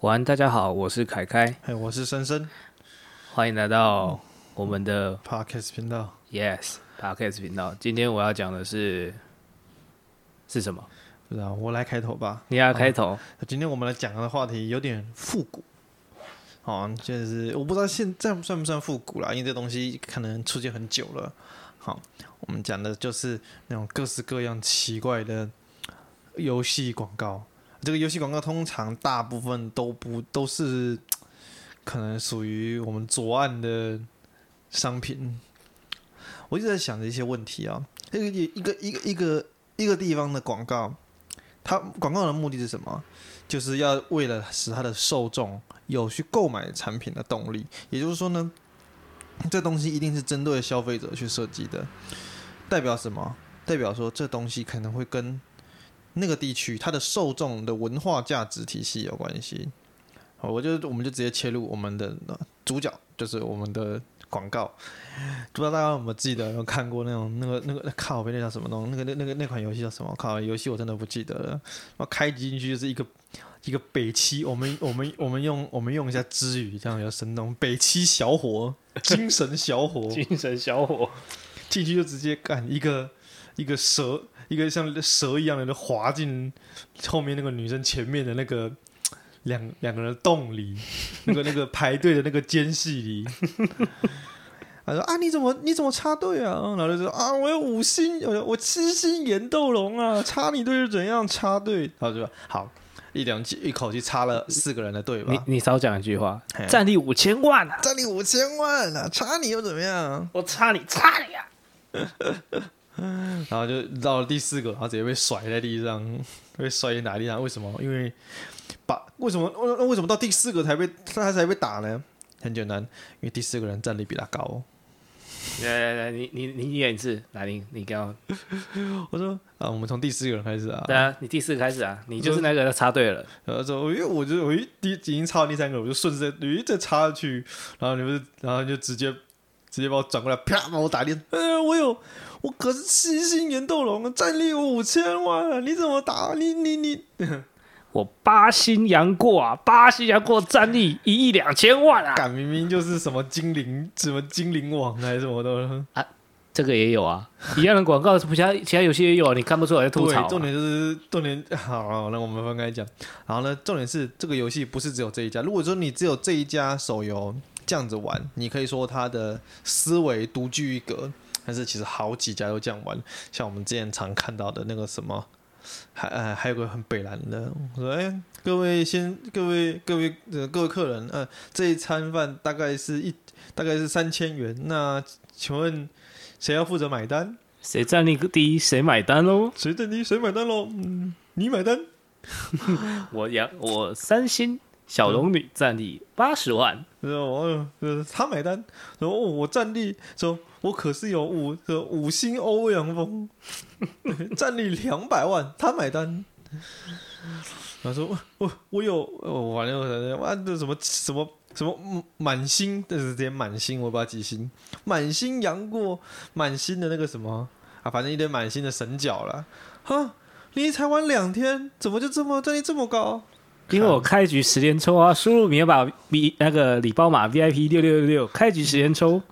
晚安，大家好，我是凱凱，哎，hey, 我是森森，歡迎來到我們的 Podcast 頻道。Yes，Podcast 頻道。今天我要講的是是什麼？不知道，我來開頭吧。你要開頭、啊？今天我們來講的話題有點復古哦、啊，就是我不知道現在算不算復古啦，因為這東西可能出現很久了。好、啊，我們講的就是那種各式各樣奇怪的遊戲廣告。這個遊戲廣告通常大部分都不都是，可能屬於我們左岸的商品。我一直在想着一些問題啊，一個一個一個一個一個地方的廣告，它廣告的目的是什麼？就是要為了使它的受眾有去購買產品的動力，也就是說呢，這東西一定是針對消費者去設計的。代表什麼？代表說這東西可能會跟。那個地區它的受眾的文化價值體系有關係。好，我就我們就直接切入我們的、呃、主角，就是我們的廣告。不知道大家有沒有記得有，有看過那種那個那個靠，那叫什麼東那個那那個、那個、那款遊戲叫什麼？靠，遊戲我真的不記得了。我開局進去就是一個一個北七，我們我們我們用我們用一下支語，這樣比較生動。北七小伙，精神小伙， 精神小伙， 進去就直接幹一個一個蛇。一個像蛇一樣的，就滑進後面那個女生前面的那個兩兩個人洞裡， 那個那個排隊的那個間隙裡。 他說：“啊，你怎麼你怎麼插隊啊？”然後就說：“啊，我有五星，我七星嚴逗聾啊，插你隊是怎樣？插隊？”他說：“好，一兩一口氣插了四個人的隊吧。你”你你少講一句話，戰力、哎、五千萬、啊，戰力五千萬，啊，插你又怎麼樣？我插你，插你呀、啊！ 然後就到了第四個，然後直接被甩在地上，被摔在哪地上。為什麼？因為把為什麼？那為什麼到第四個才被他才被打呢？很簡單，因為第四個人戰力比他高。來來來，你你你演一次，來，你，你給我。我說啊，我們從第四個人開始啊。對啊，你第四個開始啊，你就是那個人插隊了。然後說，因我就我一第已經插了第三個，我就順着，等於再插下去，然後你們，然後就直接。直接把我轉過來，啪！把我打電。呃、欸，我有，我可是七星嚴逗聾，戰力五千萬、啊。你怎麼打、啊？你你你，你呵呵我八星楊過啊，八星楊過戰力一億兩千萬啊！敢明明就是什麼精靈， 什麼精靈王還是什麼的啊？這個也有啊，一樣的廣告不像其，其他其他遊戲也有、啊。你看不出來，吐槽、啊對。重點就是重點，好，好好那我們分開講。然後呢，那重點是這個遊戲不是只有這一家。如果說你只有這一家手遊。這樣子玩，你可以說他的思維獨具一格，但是其實好幾家都這樣玩。像我們之前常看到的那個什麼，還呃還有個很北蘭的，我說：“哎、欸，各位先，各位各位、呃、各位客人，呃，這一餐飯大概是一，大概是三千元。那請問誰要負責買單？誰戰力第一，誰買單嘍？誰戰力誰買單嘍、嗯？你買單？ 我楊，我三星小龍女戰力八十萬。”他說我：“他說他他說我，他說我是有他說，他買單。然後說：我戰力，說：我可是有五，五星歐陽鋒，戰力兩百萬。他買單。他說：我，我有，我玩了，玩、啊、的什麼什麼什麼滿星，對對對，滿星，我不知道幾星，滿星楊過，滿星的那個什麼啊，反正一堆滿星的神角了。哈，你才玩兩天，怎麼就這麼戰力這麼高？”因為我開局十連抽啊，輸入密碼 V 那個禮包碼 VIP 六六六六，開局十連抽。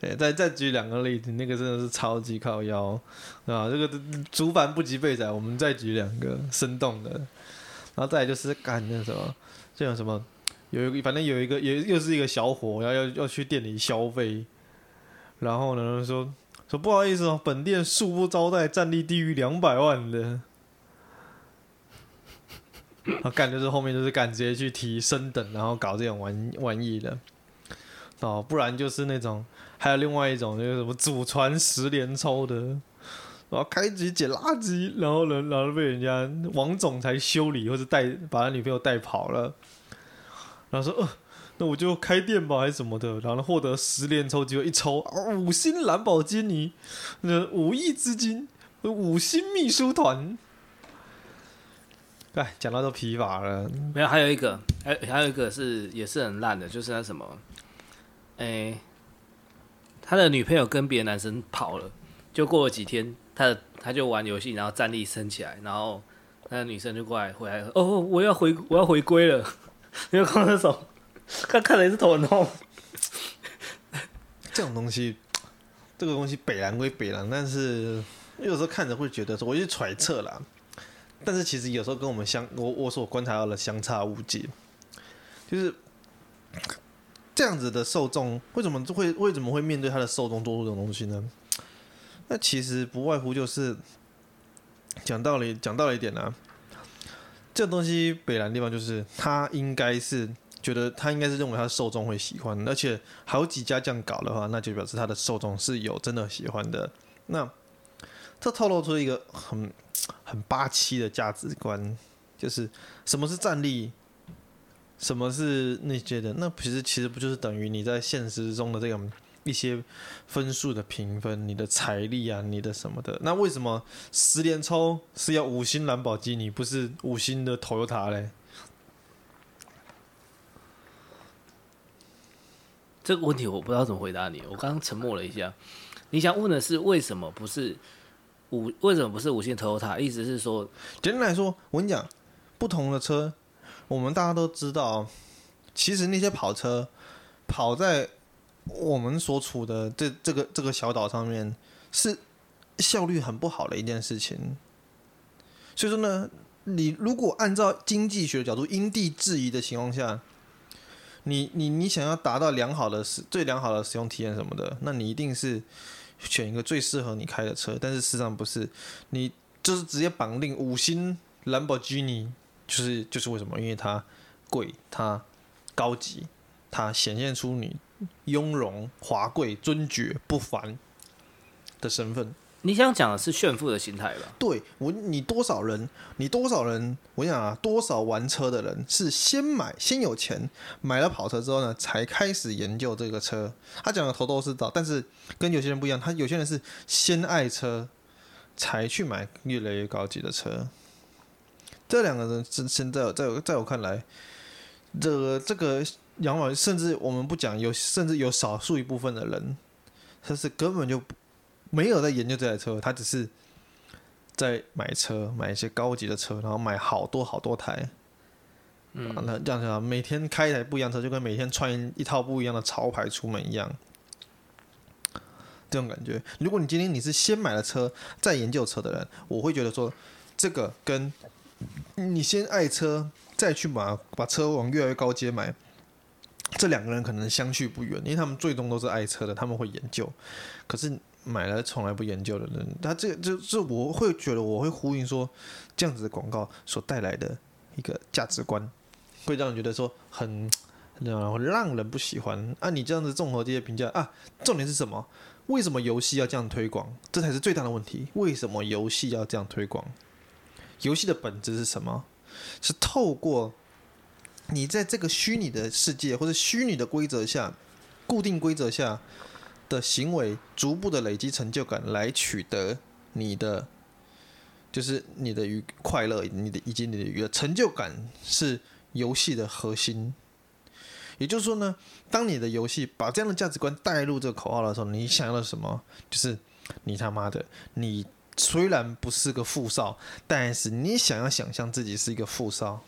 對、欸，再再舉兩個例子，那個真的是超級靠腰。啊！這個主板不及備載，我們再舉兩個生動的，然、啊、後再來就是干、啊、那什麼，像什麼有一個，反正有一個也又是一個小伙，然後要要去店裡消費，然後呢，說說不好意思哦，本店恕不招待戰力低於兩百萬的。幹、啊、就是後面就是幹，直接去提升等，然後搞這種玩玩意的哦、啊。不然就是那種，還有另外一種就是什麼祖傳十連抽的，然、啊、後開局撿垃圾，然後人然後被人家王總裁修理，或是帶把他女朋友帶跑了。然後說、呃，那我就開店吧，還是什麼的，然後獲得十連抽機會，結果一抽啊，五星藍寶堅尼，那五億資金，五星秘書團。哎，講到都疲乏了。沒有，還有一個，還有還有一個是也是很爛的，就是那什麼，誒、欸，他的女朋友跟別的男生跑了，就過了幾天，他他就玩遊戲，然後戰力升起來，然後那個女生就過來回來，哦，我要回，我要回歸了。 你看那首，看看也是頭很痛。 這種東西，這個東西北爛歸北爛，但是有時候看着會覺得說，我就揣測啦。但是其實有時候跟我們相，我我所觀察到的相差無幾，就是這樣子的受眾，為什麼就會為什麼會面對他的受眾做出這種東西呢？那其實不外乎就是講道理，講道理一點呢、啊，這東西北蘭地方就是他應該是覺得他應該是認為他的受眾會喜歡，而且好幾家這樣搞的話，那就表示他的受眾是有真的喜歡的那。這透露出一個很很霸氣的價值觀，就是什麼是戰力，什麼是那些的，那其實其實不就是等於你在現實中的這種一些分數的評分，你的財力啊，你的什麼的？那為什麼十連抽是要五星藍寶基尼不是五星的 Toyota 嘞？這個問題我不知道怎麼回答你。我剛剛沉默了一下，你想問的是為什麼不是？五為什麼不是五星頭他塔？意思是說，簡單來說，我跟你講，不同的車，我們大家都知道，其實那些跑車跑在我們所處的這這個這個小島上面，是效率很不好的一件事情。所以說呢，你如果按照經濟學的角度因地制宜的情況下，你你你想要達到良好的、最良好的使用體驗什麼的，那你一定是。選一個最適合你開的車，但是事實上不是，你就是直接綁定五星蘭博基尼，就是就是為什麼？因為它貴，它高級，它顯現出你雍容華貴、尊爵不凡的身份。你想講的是炫富的心態吧？對我，你多少人，你多少人？我想啊，多少玩車的人是先買，先有錢，買了跑車之後呢，才開始研究這個車。他講的頭頭是道，但是跟有些人不一樣。他有些人是先愛車，才去買越來越高級的車。這兩個人，現現在在，在我看來，這這個養老，甚至我們不講有，甚至有少數一部分的人，他是根本就不。沒有在研究這台車，他只是在買車，買一些高級的車，然後買好多好多台。嗯，那這樣子，每天開一台不一樣車，就跟每天穿一套不一樣的潮牌出門一樣，這種感覺。如果你今天你是先買了車再研究車的人，我會覺得說，這個跟你先愛車再去買把，把車往越來越高階買，這兩個人可能相去不遠，因為他們最終都是愛車的，他們會研究，可是。買了從來不研究的人，他這個就是我會覺得，我會呼應說，這樣子的廣告所帶來的一個價值觀，會讓人覺得說很，讓人會讓人不喜歡。啊，你這樣子綜合這些評價啊，重點是什麼？為什麼遊戲要這樣推廣？這才是最大的問題。為什麼遊戲要這樣推廣？遊戲的本質是什麼？是透過你在這個虛擬的世界或者虛擬的規則下，固定規則下。的行為逐步的累積成就感，來取得你的，就是你的愉快樂，你的以及你的一個成就感，是遊戲的核心。也就是說呢，當你的遊戲把這樣的價值觀帶入這個口號的時候，你想要的什麼？就是你他媽的，你雖然不是個富少，但是你想要想象自己是一個富少。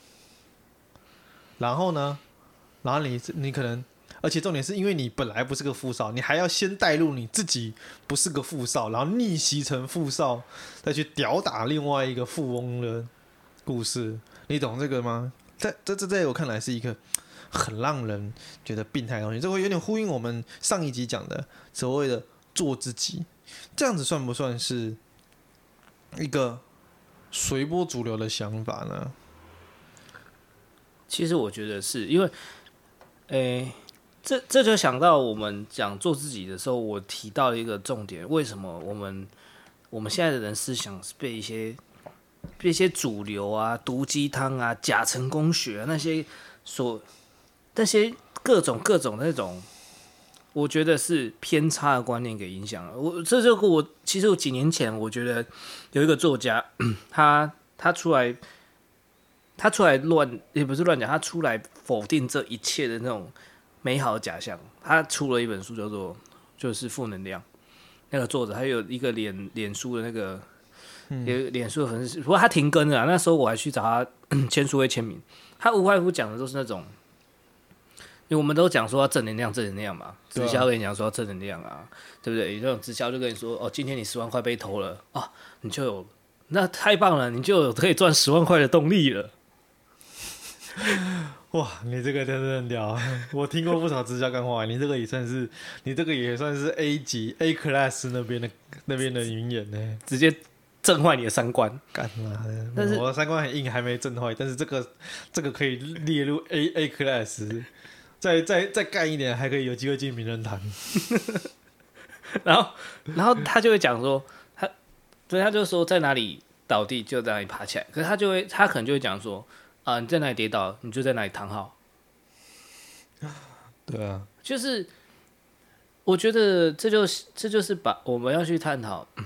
然後呢，然後你你可能。而且重點是因為你本來不是個富少，你還要先帶入你自己不是個富少，然後逆襲成富少，再去吊打另外一個富翁的故事，你懂這個嗎？在在在在我看來是一個很讓人覺得病態的東西，這會有點呼應我們上一集講的所謂的做自己，這樣子算不算是一個隨波逐流的想法呢？其實我覺得是因為，誒、欸。這這就想到我們講做自己的時候，我提到一個重點：為什麼我們我們現在的人思想是被一些被一些主流啊、毒雞湯啊、假成功學啊，那些所那些各種各種那種，我覺得是偏差的觀念給影響了。我這就我其實我幾年前我覺得有一個作家，他他出來他出來亂也不是亂講，他出來否定這一切的那種。美好的假象，他出了一本書，叫做《就是負能量》。那個作者還有一個臉臉書的那個臉臉書的粉絲，嗯、不過他停更了、啊。那時候我還去找他簽 書會簽名。他無外乎講的都是那種，因為我們都講說正能量，正能量嘛。啊、直銷跟你講說正能量啊，對不對？那種直銷就跟你說，哦，今天你十萬塊被偷了，哦，你就有那太棒了，你就有可以賺十萬塊的動力了。 哇，你這個真的很屌！我聽過不少支教幹話， 你這個也算是，你這個也算是 A 級 A class 那邊的那邊的語言呢，直接震壞你的三觀。幹嘛？但是我的三觀很硬，還沒震壞。但是這個這個可以列入 A A class，再再再幹一點，還可以有機會進名人堂。 然後然後他就會講說，他對他就說在哪裡倒地就在哪裡爬起來，可是他就會他可能就會講說。啊，你在哪裡跌倒，你就在哪裡躺好。對啊，就是我覺得這就這就是把我們要去探討、嗯、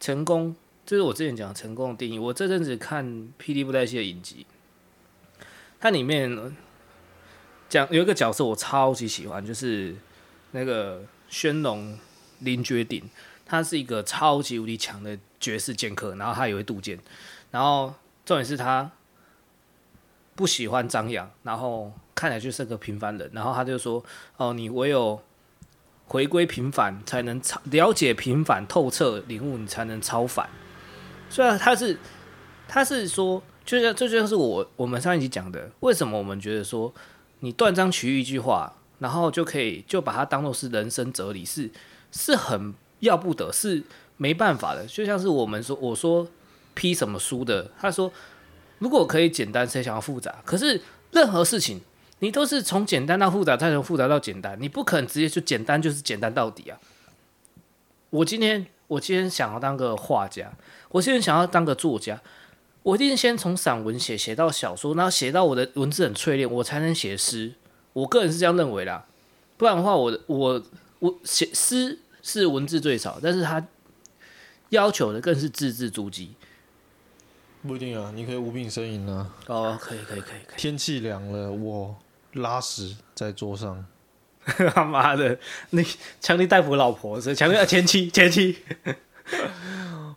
成功，這、就是我之前講成功的定義。我這陣子看《霹靂布袋戲》的影集，它裡面講有一個角色我超級喜歡，就是那個宣龍林覺頂，他是一個超級無敵強的絕世劍客，然後他也會渡劍，然後重點是他。不喜歡張揚，然後看起來就是個平凡人，然後他就說：“哦，你唯有回歸平凡，才能超了解平凡透徹領悟，你才能超凡。”雖然他是，他是說，就像這，就是我我們上一集講的，為什麼我們覺得說，你斷章取義一句話，然後就可以就把它當做是人生哲理，是是很要不得，是沒辦法的。就像是我們說，我說批什麼書的，他說。如果可以簡單，誰想要複雜？可是任何事情，你都是從簡單到複雜，再從複雜到簡單，你不可能直接就簡單就是簡單到底啊！我今天我今天想要當個畫家，我今天想要當個作家，我一定先從散文寫寫到小說，然後寫到我的文字很淬煉，我才能寫詩。我個人是這樣認為的，不然的話我，我我我寫詩是文字最少，但是他要求的更是字字珠璣。不一定啊，你可以無病呻吟啊。哦，可以，可,可以，可以。天氣涼了，我拉屎在桌上。他媽 的，你強尼大夫老婆是強尼前妻， 前妻。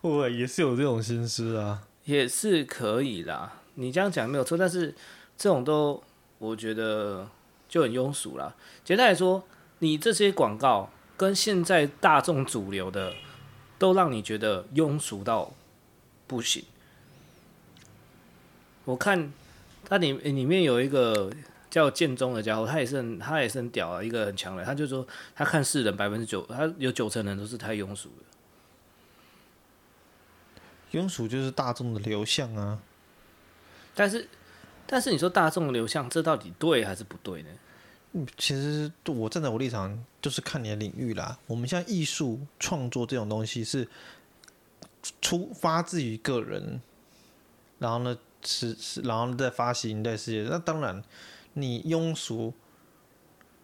我 也是有這種心思啊。也是可以啦，你這樣講沒有錯，但是這種都我覺得就很庸俗了。簡單來說，你這些廣告跟現在大眾主流的，都讓你覺得庸俗到不行。我看他裡裡面有一個叫建中的傢伙，他也是很他也是很屌啊，一個很強的。他就說他看世人百分之九，他有九成人都是太庸俗了。庸俗就是大眾的流向啊。但是，但是你說大眾的流向這到底對還是不對呢？其實我站在我立場就是看你的領域啦。我們像藝術創作這種東西是出發自於個人，然後呢，是是，然後再發行在世界，那當然，你庸俗，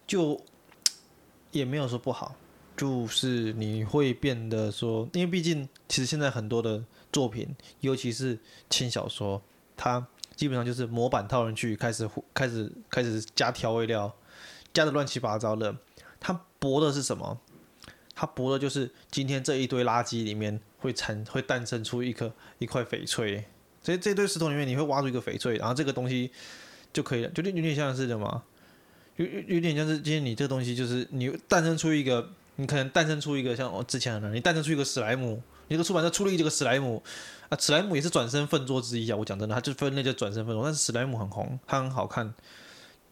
就也沒有說不好，就是你會變得說，因為畢竟其實現在很多的作品，尤其是輕小說，它基本上就是模板套上去開始開始開始加調味料，加的亂七八糟的，它博的是什麼？它博的就是今天這一堆垃圾裡面會產會誕生出一顆一塊翡翠。所以這堆石頭裡面，你會挖出一個翡翠，然後這個東西就可以了，就有點像是什麼？有有有點像是今天你這個東西就是你誕生出一個，你可能誕生出一個像我、哦、之前的，你誕生出一個史萊姆，你的出版社出了一個史萊姆啊，史萊姆也是轉生糞作之一啊，我講真的，它就分類就轉生糞作，但是史萊姆很紅，它很好看，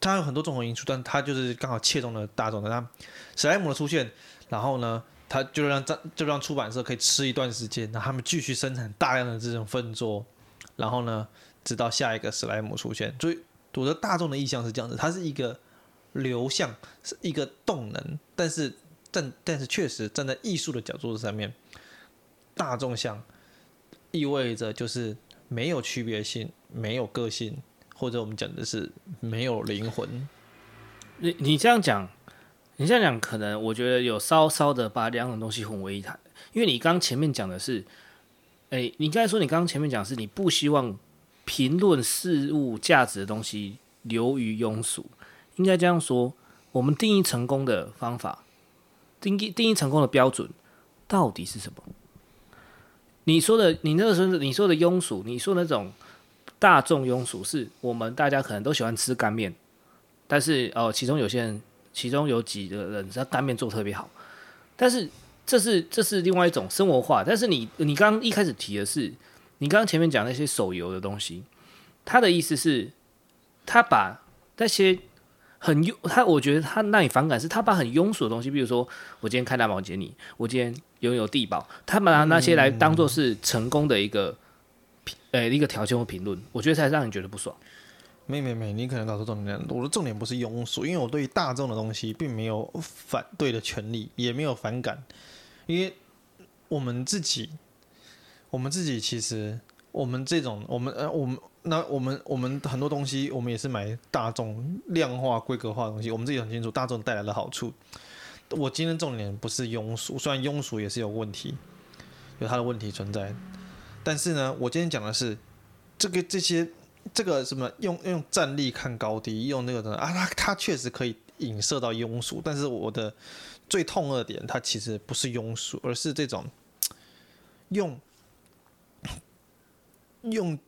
它有很多種、種因素，但它就是剛好切中了大眾的。史萊姆的出現，然後呢，它就讓就讓出版社可以吃一段時間，那他們繼續生產大量的這種糞作。然後呢，直到下一個史萊姆出現。所以，我覺得大眾的意向是這樣子，它是一個流向，是一個動能。但是，但但是，確實站在藝術的角度上面，大眾向意味着就是沒有區別性，沒有個性，或者我們講的是沒有靈魂。你你這樣講，你這樣講，可能我覺得有稍稍的把兩種東西混為一談，因為你剛前面講的是。誒、欸，你剛才說，你剛剛前面講是你不希望評論事物價值的東西流於庸俗，應該這樣說：我們定義成功的方法，定義定義成功的標準到底是什麼？你說的，你那個時候你說的庸俗，你說的那種大眾庸俗，是我們大家可能都喜歡吃乾麵，但是哦、呃，其中有些人，其中有幾個人他乾麵做的特別好，但是。這是這是另外一種生活化。但是你你剛剛一開始提的是，你剛剛前面講那些手遊的東西，他的意思是，他把那些很庸，他我覺得他讓你反感是他把很庸俗的東西，比如說我今天看大保健你，我今天擁有地寶，他把他那些來當做是成功的一個評呃、嗯、一個條件或評論，我覺得才讓你覺得不爽。沒沒沒，你可能搞錯重點，我的重點不是庸俗，因為我對於大眾的東西並沒有反對的權利，也沒有反感。因為我們自己，我們自己其實，我們這種，我們呃，我們那我們我們很多東西，我們也是買大眾、量化、規格化的東西。我們自己很清楚大眾帶來的好處。我今天重點不是庸俗，雖然庸俗也是有問題，有它的問題存在。但是呢，我今天講的是這個這些這個什麼用用戰力看高低，用那個啊它，它確實可以影射到庸俗，但是我的。最痛惡的點，它其實不是庸俗，而是這種用用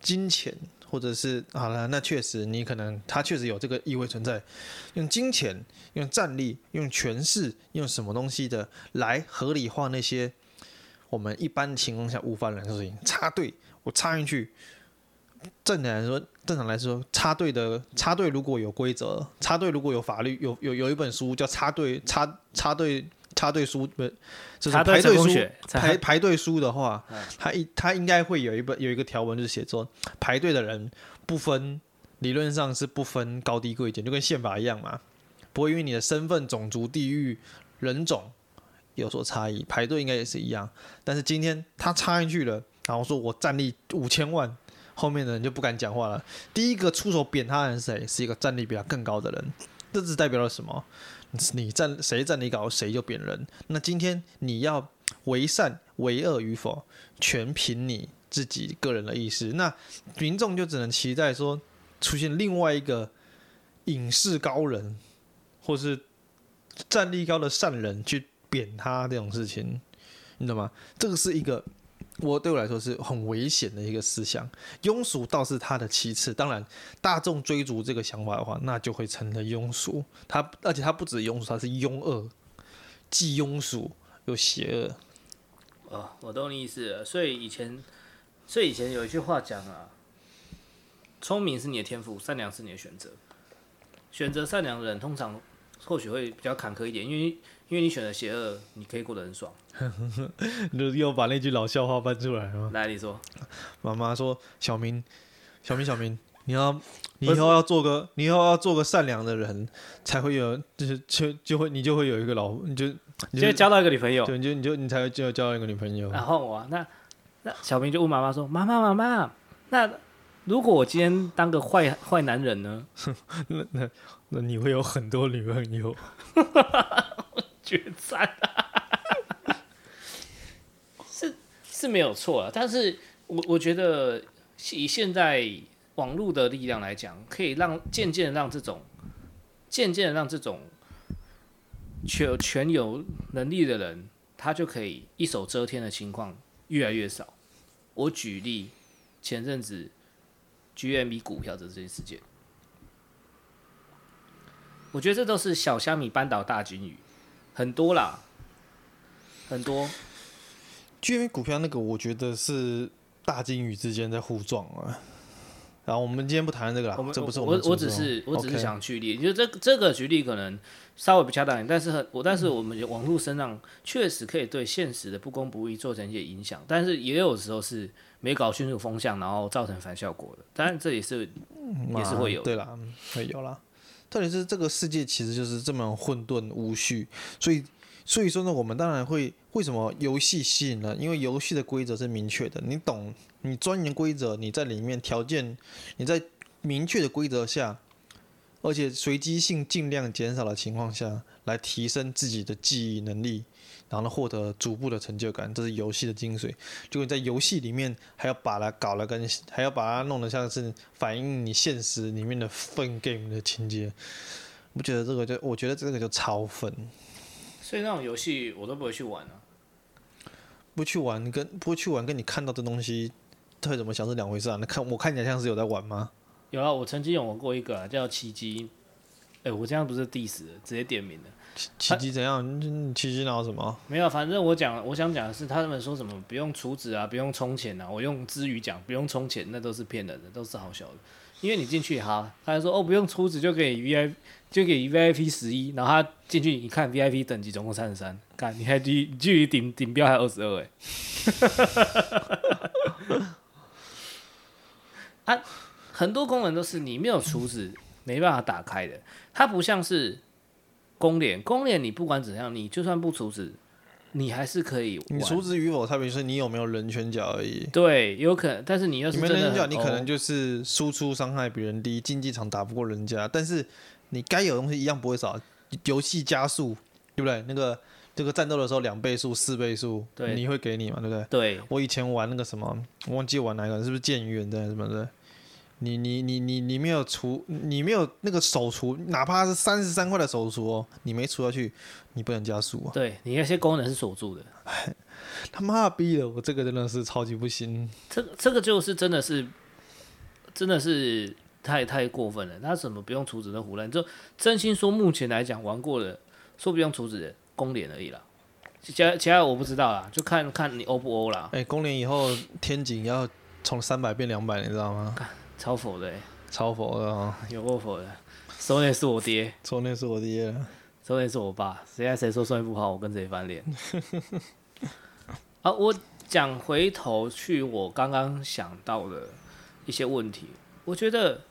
金錢或者是好了，那確實你可能他確實有這個意味存在，用金錢、用戰力、用權勢、用什麼東西的來合理化那些我們一般情況下無法忍受的事情插隊，我插進去。正常來說，正常來說，插隊的插隊如果有規則，插隊如果有法律，有有有一本書叫插插《插隊插插隊插隊書》不是，不就是排隊書隊排排隊書的話，他他、嗯、應該會有一本有一個條文，就是寫說排隊的人不分理論上是不分高低貴賤，就跟憲法一樣嘛，不會因為你的身份、種族、地域、人種有所差異，排隊應該也是一樣。但是今天他插進去了，然後說我戰力五千萬。後面的人就不敢講話了。第一個出手扁他人是誰？是一個戰力，比他更高的人。這是代表了什麼？你戰誰戰力高，誰就扁人。那今天你要為善為惡與否，全憑你自己個人的意思。那民眾就只能期待說，出現另外一個隱士高人，或是戰力高的善人去扁他這種事情，你懂嗎？這個是一個。我對我來說是很危險的一個思想，庸俗倒是他的其次。當然，大眾追逐這個想法的話，那就會成了庸俗。他而且他不止庸俗，他是庸惡，既庸俗又邪惡。哦，我懂你意思了。所以以前，所以以前有一句話講啊，聰明是你的天賦，善良是你的選擇。選擇善良的人，通常。或許會比較坎坷一點，因為因為你選擇邪惡，你可以過得很爽。又 把那句老笑話搬出來嗎？來，你說，媽媽說，小明，小明，小明，你要，你以後要做個，你以後要做個善良的人，才會有，就就就會，你就會有一個老，你就你就是、交到一個女朋友，對，就你就，你，就你才要交到一個女朋友。然後我、啊、那那小明就問媽媽說：“媽媽，媽媽，那如果我今天當個壞壞男人呢？” 那。那那你會有很多女朋友，我覺得讚啊，是是沒有錯啦，但是我我覺得以現在網絡的力量來講，可以讓漸漸讓這種漸漸讓這種全全有能力的人，他就可以一手遮天的情況越來越少。我舉例前陣子 GME 股票的這件事情。我覺得這都是小蝦米扳倒大鯨魚很多啦，很多。居民股票那個，我覺得是大鯨魚之間在互撞啊。然後我們今天不談這個了，我們這不是我我，我，我只是種我只是想舉例，Okay 就這這個舉例可能稍微不恰當一點，但是很我但是我們網絡身上確實可以對現實的不公不義做成一些影響，但是也有時候是沒搞清楚風向，然後造成反效果的。當然這也是也是會有，對啦，會有啦。特別是這個世界其實就是這麼混沌無序，所以所以說呢，我們當然會為什麼遊戲吸引了？因為遊戲的規則是明確的，你懂，你鑽研規則，你在裡面條件，你在明確的規則下，而且隨機性盡量減少的情況下來提升自己的記憶能力。然後呢，獲得逐步的成就感，這是遊戲的精髓。如果你在遊戲裡面還要把它搞了跟，還要把它弄得像是反映你現實裡面的 fun game 的情節，我不覺得這個就，我覺得這個就超分。所以那種遊戲我都不會去玩啊，不去玩跟不會去玩跟你看到的東西，他會怎麼想是兩回事啊？那看，我看起來像是有在玩嗎？有啊，我曾經有玩過一個、啊、叫《奇蹟》。哎、欸，我這樣不是 diss，直接點名的。奇蹟怎樣？啊、奇蹟拿什麼？沒有，反正我講，我想講的是，他們說什麼不用儲值啊，不用充錢啊，我用之語講，不用充錢那都是騙人的，都是好笑的。因為你進去哈，他還說哦，不用儲值就可以 VIP，就給 VIP 十一，然後他進去一看 VIP 等級總共三十三，看你還離距，距離頂頂標還二十二，哎。 啊，很多功能都是你沒有儲值、嗯、沒辦法打開的。它不像是公連，公連你不管怎樣，你就算不儲值，你還是可以。你儲值與否，它比如說你有沒有人權角而已。對，有可能，但是你要是你沒有人權角，你可能就是輸出傷害比人低，競、哦、技場打不過人家。但是你該有的東西一樣不會少，遊戲加速，對不對？那個這個戰鬥的時候兩倍速、四倍速，對你會給你嘛？對不對？對。我以前玩那個什麼，我忘記玩哪個了，是不是劍與遠征什麼的？是不是你你你你你沒有儲，你沒有那個首儲，哪怕是三十三塊的首儲哦，你沒儲下去，你不能加速啊！對，你那些功能是鎖住的。他媽逼的，我這個真的是超級不行。這個這個就是真的是真的是太太過分了！他怎麼不用儲值的胡亂，就真心說，目前來講玩過的說不用儲值的，公連而已啦。其他其他我不知道啦，就看看你歐不歐啦。哎、欸，公連以後天井要從三百變兩百，你知道嗎？超否的欸，超否的哦，有過否的，索尼是我爹，索尼是我爹，索尼是我爸。誰愛誰說索尼不好，我跟誰翻臉。 啊，我講回頭去，我剛剛想到的一些問題，我覺得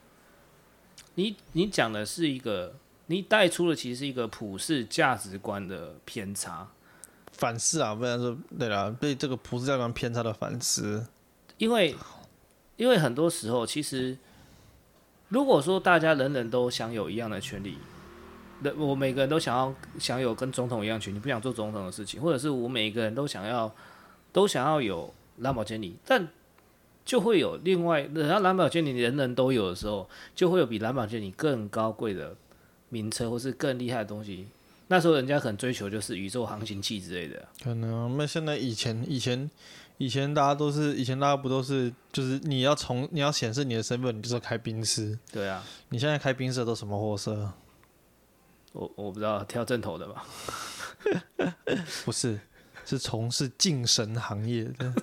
你你講的是一個你帶出的，其實是一個普世價值觀的偏差反思啊，不然說，對啊對，這個普世價值觀偏差的反思，因為。因為很多時候，其實，如果說大家人人都享有一樣的權利，我每個人都想要享有跟總統一樣權利，不想做總統的事情，或者是我每一個人都想要都想要有藍寶堅尼，但就會有另外人家藍寶堅尼人人都有的時候，就會有比藍寶堅尼更高貴的名車或是更厲害的東西。那時候人家很追求就是宇宙航行器之類的。可能那現在以前以前。以前大家都是，以前大家不都是，就是你要從你要顯示你的身份，你就是開賓士。對啊，你現在開賓士都什麼貨色？我我不知道，跳陣頭的吧？不是，是從事精神行業的，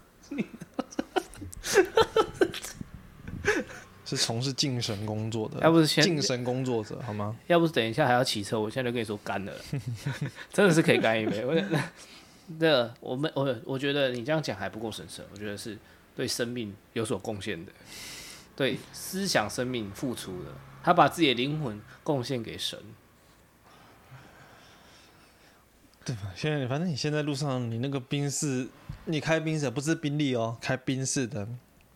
你 是從事精神工作的。要不是精神工作者好嗎？要不是等一下還要騎車，我現在就跟你說乾了， 真的是可以乾一杯。 我的，我們我我覺得你這樣講還不夠神聖，我覺得是對生命有所貢獻的，對思想生命付出的，他把自己的靈魂貢獻給神，對吧？現在反正你現在路上你那個賓士，你開賓士不是賓利哦、喔，開賓士的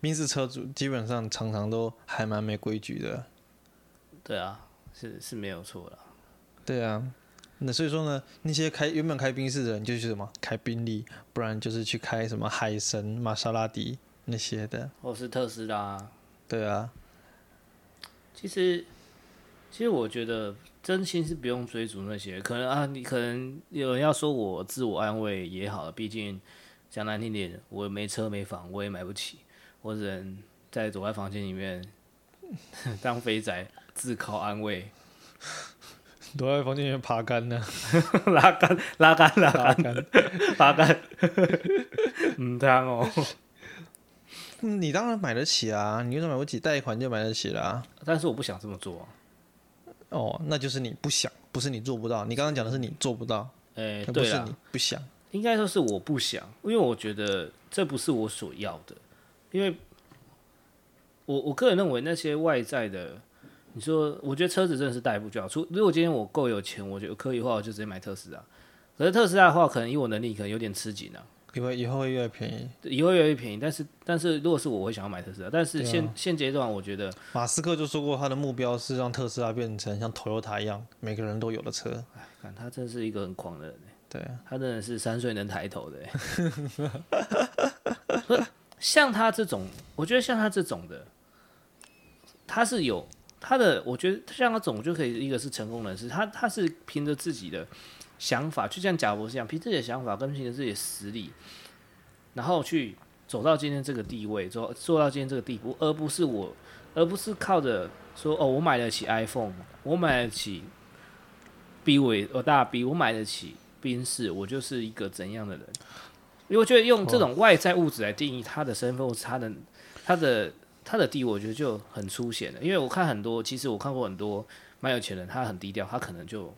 賓士車主基本上常常都還蠻沒規矩的，對啊，是是沒有錯的。對啊。那所以說呢，那些開原本開賓士的人，就去什麼開賓利，不然就是去開什麼海神、瑪莎拉蒂那些的。我是特斯拉。對啊。其實，其實我覺得真心是不用追逐那些。可能啊，你可能有人要說我自我安慰也好了。畢竟講難聽點，我沒車沒房，我也買不起，我只能在躲在房間裡面當肥宅，自靠安慰。躲在房間裡面爬桿呢，拉桿拉桿拉桿爬桿，嗯，哦，你當然買得起啊，你為什麼買不起？貸款就買得起啦、啊。但是我不想這麼做、啊、哦，那就是你不想，不是你做不到。你剛剛講的是你做不到，誒、欸，不是你不想，啊、應該說是我不想，因為我覺得這不是我所要的，因為我，我我個人認為那些外在的。你說，我覺得車子真的是代步最好。除如果今天我夠有錢，我覺得可以的話，我就直接買特斯拉。可是特斯拉的話，可能以我能力，可能有點吃緊呢、啊，以後以後會越便宜，以後越來越便宜。但是但是，如果是我，我會想要買特斯拉。但是現、啊、現階段，我覺得馬斯克就說過，他的目標是讓特斯拉變成像 Toyota 一樣，每個人都有的車。哎，他真的是一個很狂的人。對、啊，他真的是三歲能抬頭的。 像他這種，我覺得像他這種的，他是有。他的，我覺得像他總就可以，一個是成功人士，他他是憑着自己的想法，就像賈博士這樣，憑自己的想法跟憑着自己的實力，然後去走到今天這個地位，做做到今天這個地步，而不是我，而不是靠着說哦，我買得起 iPhone，我買得起 B 位，我大 B，我買得起賓士，v，我, 4, 我就是一個怎樣的人？因為我覺得用這種外在物質來定義他的身份或是他的他的。他的他的地，我覺得就很凸顯了，因為我看很多，其實我看過很多蠻有錢人，他很低調，他可能就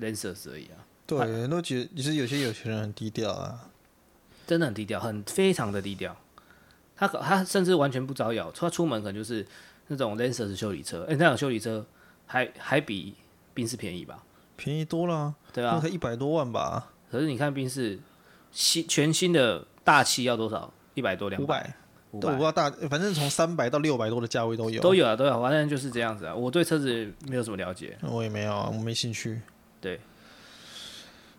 Lancer 而已啊。對，那其實其實有些有錢人很低調啊，真的很低調，很非常的低調。他他甚至完全不招搖，他出門可能就是那種 Lancer 休旅車。哎、欸，那輛休旅車還還比賓士便宜吧？便宜多了、啊，對吧、啊？才一百多萬吧？可是你看賓士新全新的大七要多少？一百多兩？五百。500 我不知道大，反正從三百到六百多的價位都有，都有啊，都有、啊，反正就是這樣子啊。我對車子沒有什麼了解，我也沒有、啊，我沒興趣。對，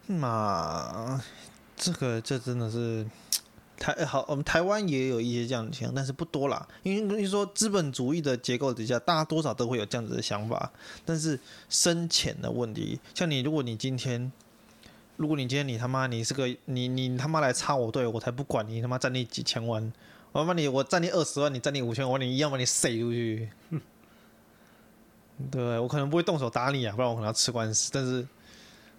嘛，這個這真的是台、欸、好，我們台灣也有一些這樣的錢，但是不多啦。因為你說資本主義的結構底下，大家多少都會有這樣子的想法，但是深淺的問題。像你，如果你今天，如果你今天你他媽你是個你你他媽來插我隊，我才不管你他媽賺你幾千萬。我幫你，我占你二十萬，你占你五千，我把你一樣把你塞出去。嗯、對，我可能不會動手打你啊，不然我可能要吃官司。但是，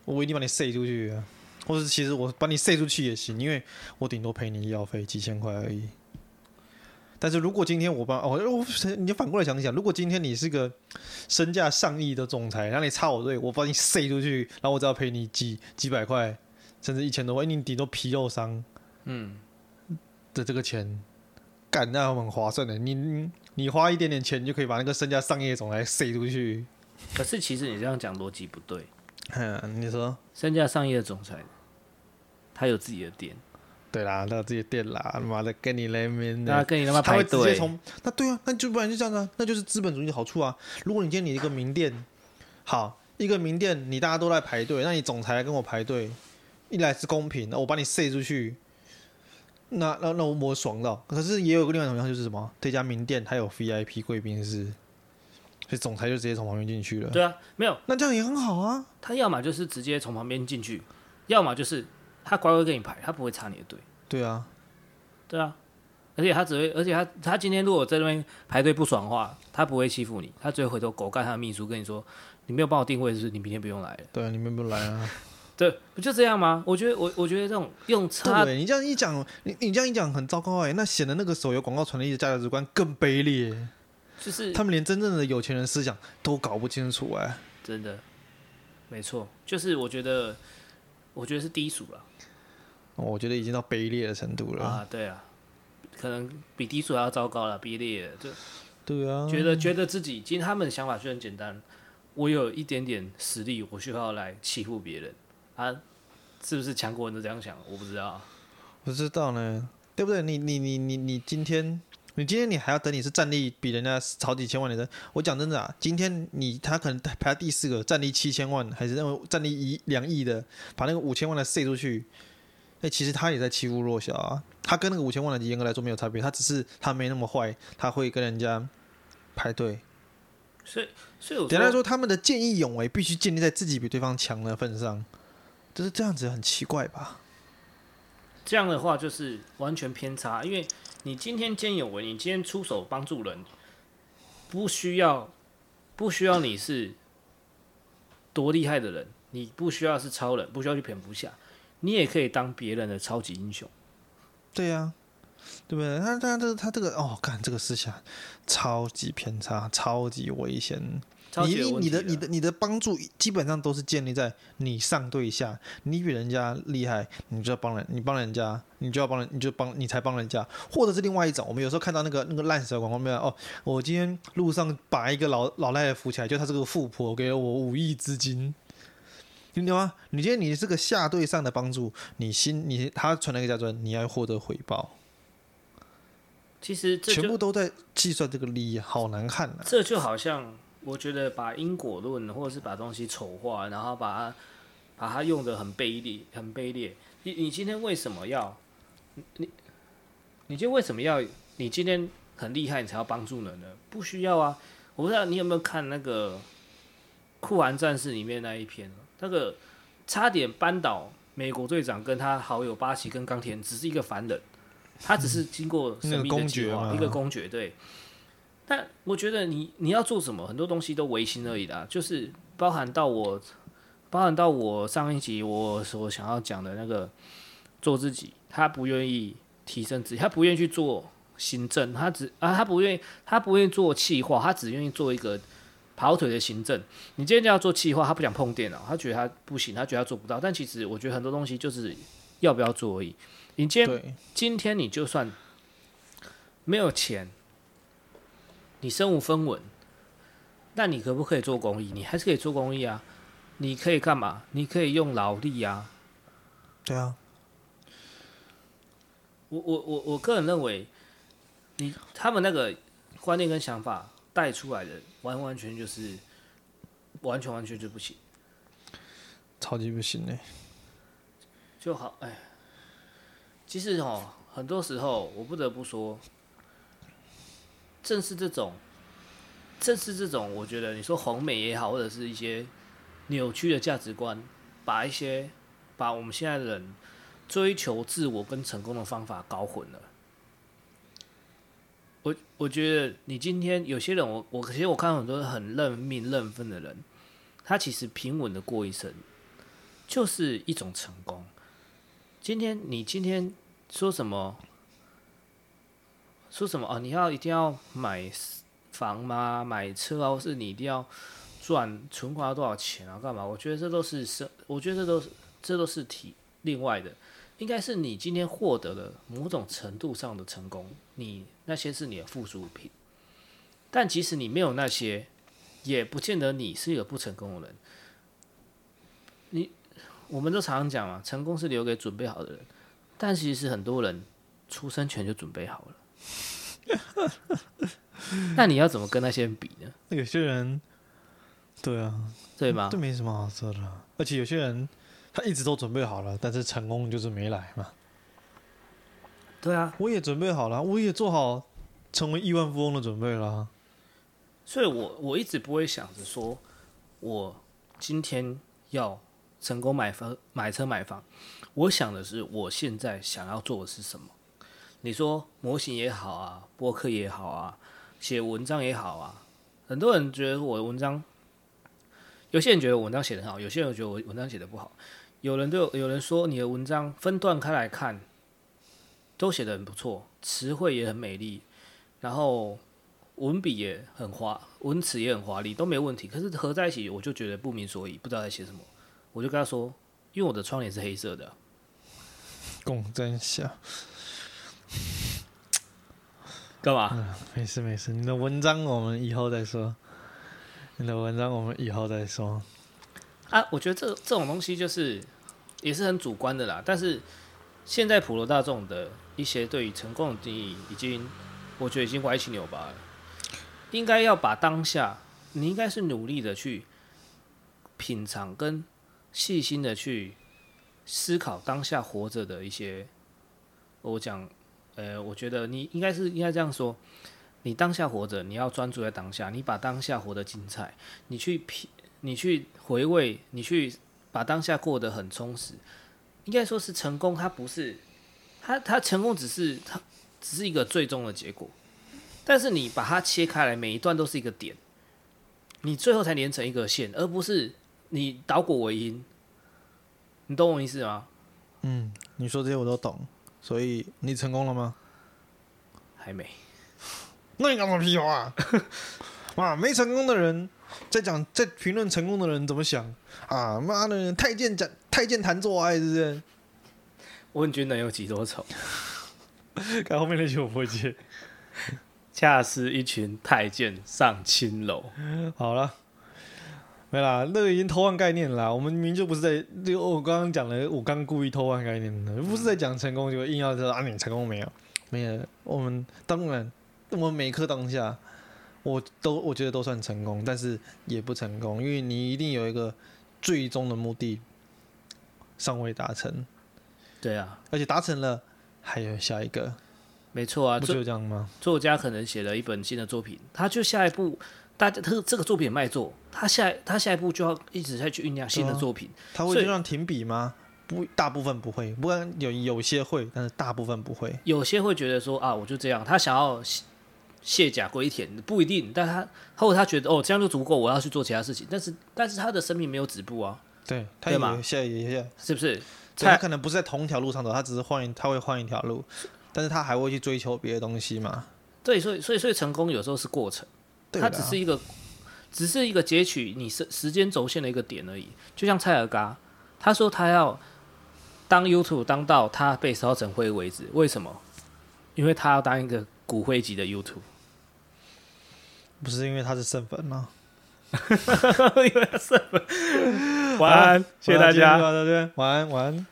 我一定把你塞出去啊。或者，其實我把你塞出去也行，因為我頂多賠你醫藥費幾千塊而已。但是如果今天我幫哦，我、哦、你就反過來想一想，如果今天你是個身價上億的總裁，然後你插我隊，我把你塞出去，然後我再要賠你幾幾百塊，甚至一千多塊，你頂多皮肉傷，嗯，的這個錢。嗯幹，那很划算的，你你花一點點錢就可以把那個身價上億的總裁塞出去。可是其實你這樣講邏輯不對。哼、嗯，你說身價上億的總裁，他有自己的店。對啦，他有自己的店啦，他媽的跟你來，民，那跟你那他媽排隊。接那對啊，那就不然就這樣啊，那就是資本主義的好處啊。如果你今天你一個名店，好一個名店，你大家都在排隊，那你總裁來跟我排隊，一來是公平，那我把你塞出去。那那我那我爽到，可是也有個另外一種情況，就是什麼？這家名店還有 VIP 貴賓室，所以總裁就直接從旁邊進去了。對啊，沒有，那這樣也很好啊。他要麼就是直接從旁邊進去，要麼就是他乖乖跟你排，他不會插你的隊。對啊，對啊，而且他只會，而且他他今天如果在那邊排隊不爽的話，他不會欺負你，他只會回頭狗看他的秘書跟你說，你沒有幫我訂位，就是你明天不用來了。對啊，你明天不用來了啊。 對，不就這樣嗎？我覺得，我我覺得這種用車，對，對你這樣一講，你你這樣一講很糟糕哎、欸。那顯得那個手遊廣告傳遞的價值觀更卑劣，就是他們連真正的有錢人思想都搞不清楚哎、欸。真的，沒錯，就是我覺得，我覺得是低俗了、啊哦。我覺得已經到卑劣的程度了啊！對啊，可能比低俗還要糟糕了，卑劣。對，對啊，覺得覺得自己，其實他們的想法就很簡單：我有一點點實力，我需要來欺負別人。他、啊、是不是強國人都這樣想？我不知道，不知道呢，對不對？你你你你你今天，你今天你還要等？你是戰力比人家少幾千萬的人？我講真的啊，今天你他可能排第四個，戰力七千萬，還是認為戰力一兩億的，把那個五千萬的塞出去？那、欸、其實他也在欺負弱小啊。他跟那個五千萬的嚴格來說沒有差別，他只是他沒那麼壞，他會跟人家排隊。所以，所以簡單說，他們的見義勇為必須建立在自己比對方強的份上。就是這樣子很奇怪吧？這樣的話就是完全偏差，因為你今天見義勇為，你今天出手幫助人，不需要，不需要你是多厲害的人，你不需要是超人，不需要去蝙蝠俠，你也可以當別人的超級英雄。對呀、啊。對不對？他他這他，他這個哦，幹這個思想，超級偏差，超級危險。啊、你你的你的你的幫助基本上都是建立在你上對下，你比人家厲害，你就要幫人，你幫人家，你就要幫人，你就幫你才幫人家。或者是另外一種，我們有時候看到那個那個爛死的廣告，沒有哦，我今天路上把一個老老奶奶扶起來，就他這個富婆給我五億資金，聽懂嗎？你今天你這個下對上的幫助，你心你他存了一個叫做你要獲得回報。其實這全部都在計算這個利益，好難看啊！這就好像我覺得把因果論，或者是把東西醜化，然後把它把它用的很卑劣，很卑劣。你你今天為什麼要？你你今天為什麼要？你今天很厲害，你才要幫助人呢？不需要啊！我不知道你有沒有看那個《酷寒戰士》裡面那一篇，那個差點扳倒美國隊長跟他好友巴基跟鋼鐵，只是一個凡人。他只是經過一、嗯那個、一個公爵，對。但我覺得你你要做什麼，很多東西都唯心而已啦，就是包含到我，包含到我上一集我所想要講的那個做自己。他不願意提升自己，他不願意去做行政，他只啊他不願意他不願意做企劃，他只願意做一個跑腿的行政。你今天就要做企劃，他不想碰電腦，他覺得他不行，他覺得他做不到。但其實我覺得很多東西就是要不要做而已。你今天，對今天你就算沒有錢，你身無分文，那你可不可以做公益？你還是可以做公益啊！你可以幹嘛？你可以用勞力啊！對啊，我我我我個人認為，你他們那個觀念跟想法帶出來的，完完全就是完全完全就不行，超級不行的，欸，就好哎。其實哦，很多時候我不得不說，正是這種，正是這種，我覺得你說紅美也好，或者是一些扭曲的價值觀，把一些把我們現在的人追求自我跟成功的方法搞混了。我我覺得你今天有些人，我我其實我看到很多人很認命認分的人，他其實平穩的過一生，就是一種成功。今天你今天說什麼？說什麼啊、哦？你要一定要買房嗎、啊？買車啊？或是你一定要賺存款要多少錢啊？幹嘛？我覺得這都是我覺得這都是這都是體另外的。應該是你今天獲得的某種程度上的成功，你那些是你的附屬品。但即使你沒有那些，也不見得你是一個不成功的人。你。我們都常常講嘛，成功是留給準備好的人，但其實很多人出生前就準備好了。 那你要怎麼跟那些人比呢？那有些人，對啊，對吧嗎？這沒什麼好說的。而且有些人他一直都準備好了，但是成功就是沒來嘛。對啊，我也準備好了，我也做好成為億萬富翁的準備了。所以我，我我一直不會想着說，我今天要。成功買房、買車、買房，我想的是，我現在想要做的是什麼？你說模型也好啊，博客也好啊，寫文章也好啊。很多人覺得我的文章，有些人覺得文章寫得很好，有些人覺得我文章寫得、得、得不好。有人就有、有人說你的文章分段開來看，都寫得很不錯，詞彙也很美麗，然後文筆也很華，文詞也很華麗，都沒問題。可是合在一起，我就覺得不明所以，不知道在寫什麼。我就跟他說：“因為我的窗簾是黑色的。”共真下幹嘛？沒事沒事，你的文章我們以後再說。你的文章我們以後再說。啊，我覺得這這種東西就是也是很主觀的啦。但是現在普羅大眾的一些對於成功的定義，已經我覺得已經歪七扭八了。應該要把當下你應該是努力的去品嘗跟。細心的去思考當下活着的一些，我講，呃，我覺得你應該是應該這樣說，你當下活着，你要專注在當下，你把當下活得精彩，你去品，你去回味，你去把當下過得很充實。應該說是成功，它不是，它它成功只是，它只是一個最終的結果，但是你把它切開來，每一段都是一個點，你最後才連成一個線，而不是。你倒果為因，你懂我意思嗎？嗯，你說這些我都懂，所以你成功了嗎？還沒。那你幹嘛？屁話？哇、 啊，沒成功的人在講，在評論成功的人怎麼想啊？媽的，太監講太監談做愛，是不是？問君能有幾多愁？ 看後面那句我不會接。恰似 一群太監上青樓。 好了。沒啦，那個已經偷換概念了啦。我們明明就不是在，就我剛剛講了，我剛故意偷換概念的，不是在講成功，就硬要說啊，你成功沒有？沒有。我們當然，我們每刻當下，我都我覺得都算成功，但是也不成功，因為你一定有一個最終的目的尚未達成。對啊，而且達成了，還有下一個。沒錯啊，不就這樣嗎？作家可能寫了一本新的作品，他就下一步。大家，但他這個作品也賣座，他下他下一步就要一直在去醞釀新的作品。啊，他會這樣停筆嗎？所以，不，大部分不會。不然有有些會，但是大部分不會。有些會覺得說啊，我就這樣，他想要卸甲歸田，不一定。但他或者他覺得哦，這樣就足夠，我要去做其他事情。但是，但是他的生命沒有止步啊。對，他也下，嗎下下是不是？他，他可能不是在同一條路上走，他只是換，他會換一條路，但是他還會去追求別的東西嘛？對，所以，所以，所以，成功有時候是過程。它、啊、只是一個，只是一個截取你時間軸線的一個點而已。就像蔡阿嘎，他說他要當 YouTube 當到他被燒成灰為止。為什麼？因為他要當一個骨灰級的 YouTube。不是因為他是剩粉嗎？ 因為他剩粉。 晚安，啊、謝謝大家，大家晚安，晚安。